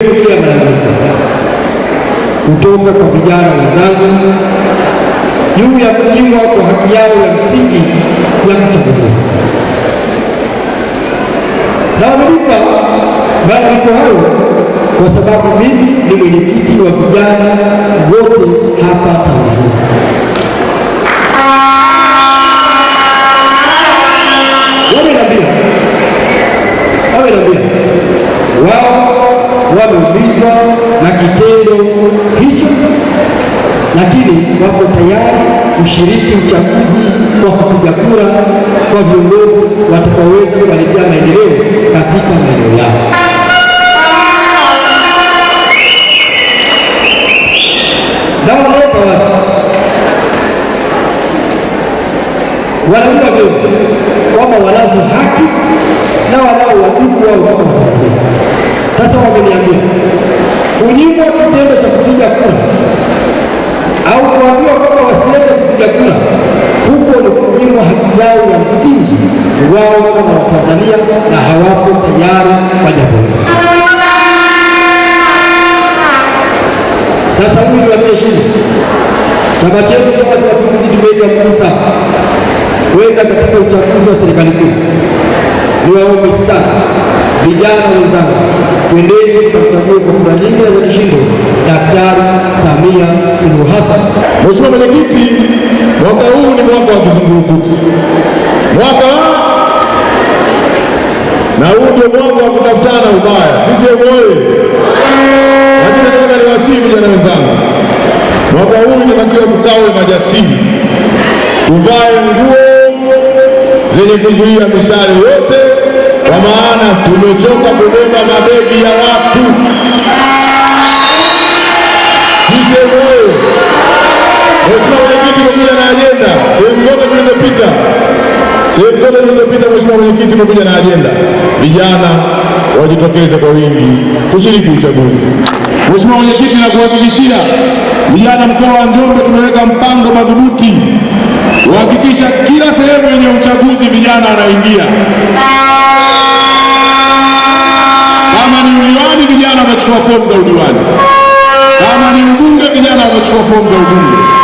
Pokea malalamiko kutoka kwa vijana wenzangu juu ya kunyimwa kwa haki yao ya msingi ya kuchagua, na wamenipa malalamiko hayo kwa sababu mimi ni mwenyekiti wa vijana wote hapa wameumizwa na kitendo hicho, lakini wako tayari kushiriki uchaguzi kwa kupiga kura kwa viongozi watakaoweza kuwaletea maendeleo katika maeneo yao. dawanawekawazi wanaua vyema kwamba wanazo haki na wanao wajibu wao kama wao kama Watanzania na hawapo tayari kwa jambo hilo. Sasa huyu ni watie chama chetu, Chama cha Mapinduzi, tumeenda mguu sana kwenda katika uchaguzi wa serikali kuu. Niwaombe sana vijana wenzangu, twendeni tukachagua kwa kura nyingi na za kishindo Daktari Samia Suluhu Hassan. Mheshimiwa Mwenyekiti, mwaka huu ni mwaka wa kizungurukutwi, mwaka na huu ndio mwaka wa kutafutana ubaya. Sisi oye! Lakini nataka niwasihi vijana wenzangu, mwaka huu tunatakiwa tukawe majasiri, tuvae nguo zenye kuzuia mishale yote, kwa maana tumechoka kubeba mabegi ya watu. tumekuja na ajenda, vijana wajitokeze kwa wingi kushiriki uchaguzi. Mheshimiwa Mwenyekiti, na kuhakikishia vijana mkoa wa Njombe tumeweka mpango madhubuti kuhakikisha kila sehemu yenye uchaguzi vijana wanaingia. Kama ni udiwani, vijana wanachukua fomu za udiwani. Kama ni ubunge, vijana wanachukua fomu za ubunge.